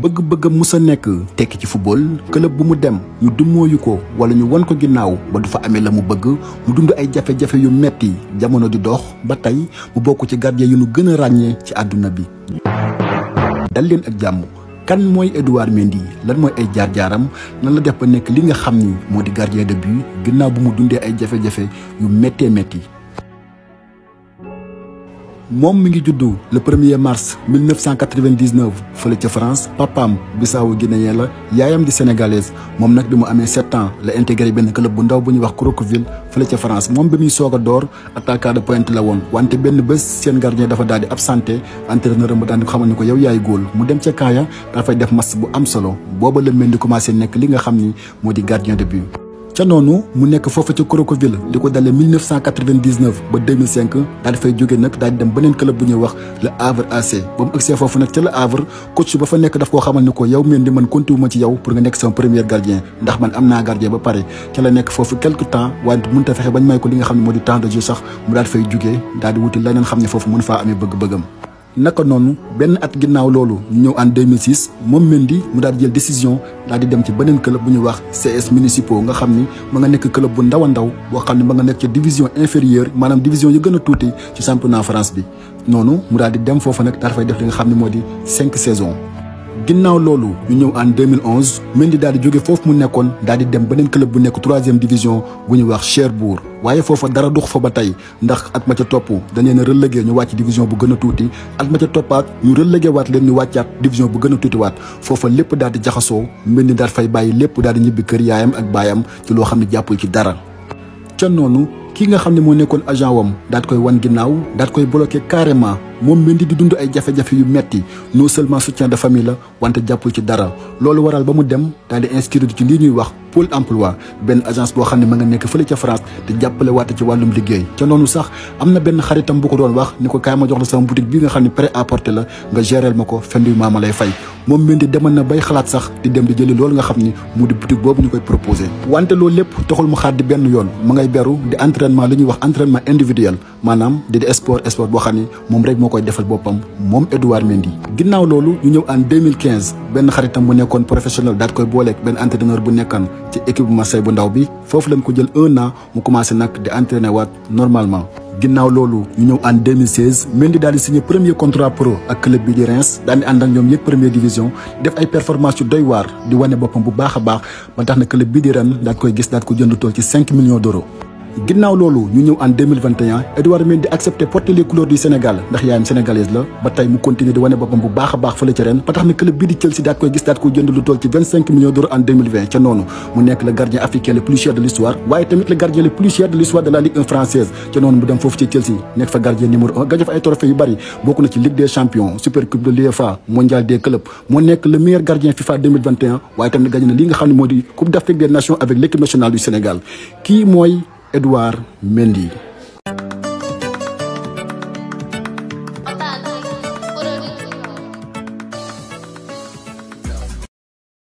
bëgg-bëggam mu sa nekk tekki ci football club bu mu dem ñu dummóoyu ko wala ñu wan ko ginnaaw ba du fa amee la mu bëgg mu dund ay jafe-jafe yu metti jamono di dox ba tey mu bokk ci gardien yu nu gën a ràññee ci àdduna bi dal leen ak jàmm kan mooy Edouard Mendy lan mooy ay jaar-jaaram nan la def ba nekk li nga xam ni moo di gardien de but ginnaaw bu mu dundee ay jafe-jafe yu méttee métti moom mi ngi le le er mars 1999 fële ci France papam Bissau Guinéen la yayam di sénégalaise mom nak bi amé le ans la intégré ben club bu ndaw bu wax France mom bimi soga dor de pointe la won wante benn bés seen gardien dafa daldi absenté entraîneur ko yow yaay goal mu dem ca def match bu am solo bobu le de commencé nek li nga gardien de but ca noonu mu nekk foofu ci Crocoville li ko dalee 1999 ba 2005 daal di fay jógee nag daal di dem beneen club bu ñuy wax le Havre AC ba mu agsee foofu nag ca le Havre coach ba fa nekk daf koo xamal ni ko yow meen di man compté ma ci yow pour nga nekk sama premier gardien ndax man am naa gardien ba pare ca la nekk foofu quelque temps waaye mënut a fexe bañ may ko li nga xam ne moo di temps de jeu sax mu daal di fay jógee daal di wuti leneen xam ne foofu mën faa amee bëgg-bëggam naka nonu ben at ginnaw loolu ñëw en 2006 mom mendi mu daal di jël décision daal di dem ci benen club bu ñu wax CS Municipaux nga xamni ni ma nga nekk club bu ndaw ndaw bo xamni ma nga ci division inférieure manam division yu gëna a ci championnat France bi noonu mu daal di dem fofu nak dafa def li nga xamni modi 5 saisons. ginnaaw loolu ñu ñëw en 2011 Mendy daal di jóge foofu mu nekkoon daal di dem beneen club bu nekk troisième division bu ñuy wax Cherbourg waaye foofa dara dux fa ba tey ndax at ma ca topp dañ leen a relégué ñu wàcc division bu gën a tuuti at ma ca toppaat ñu relégué waat leen ñu wàccaat division bu gën a tuuti waat foofa lépp daal di jaxasoo Mendy daal fay bàyyi lépp daal di ñibbi kër yaayam ak baayam ci loo xam ne jàppul ci dara ca noonu kii nga xam ne moo nekkoon agent wam daat koy wan ginnaaw daat koy bloqué carrément moom Mendy di dund ay jafe-jafe yu metti non seulement soutien de famille la wante jàppul ci dara loolu waral ba mu dem daal di inscrire ci lii ñuy wax Pôle emploi benn agence boo xam ne ma nga nekk fële ca France te jàppale waate ci wàllum liggéey ca noonu sax am na benn xaritam bu ko doon wax ni ko kaay ma jox la sama boutique bi nga xam ne prêt à porter la nga géreel ma ko fendu maa lay fay moom Mendy demal na bay xalaat sax di dem di jëli loolu nga xam ni mu di boobu ñu koy proposé wante loolu lépp taxul mu xaar benn yoon ma ngay beru di entraînement li ñuy wax entraînement individuel maanaam di boo xam ne moom rek koy defal bopam mom Edouard Mendy ginnaw loolu ñu ñew en 2015 ben xaritam bu nekkoon professionnel daat koy booleeg ben entraîneur bu nekkoon ci équipe bu Marseille bu ndaw bi fofu lañ ko jël 1 an mu commencé nak di entraîner waat normalement ginnaw loolu ñu ñew en 2016 Mendy daal di signé premier contrat pro ak club bi di Reims daan di and ak ñom yëpp première division def ay performance yu doy war di wane bopam bu baax a baax ba tax na club bi di Rennes daat koy gis daat ko jënd tool ci 5 millions d'euros ginnaw lolu ñu ñëw en 2021 Edouard Mendy accepté porter les couleurs du Sénégal ndax yaayam sénégalaise la ba tay mu continuer di wone bopam bu baax baax fële ren ba tax club bi di Chelsea daat koy gis daat koy jënd lu toll ci 25 millions d'euros en 2020 ca nonu mu nekk le gardien africain le plus cher de l'histoire waye tamit le gardien le plus cher de l'histoire de la Ligue 1 française ca nonu mu dem fofu ci Chelsea nekk fa gardien numéro 1 gagné fa ay trophées yu bari bokku na ci Ligue des champions Super Coupe de l'UEFA mondial des clubs mo nekk le meilleur gardien FIFA 2021 waye tamit gagné na li nga xamni modi Coupe d'Afrique des Nations avec l'équipe nationale du Sénégal ki moy Edouard Mendy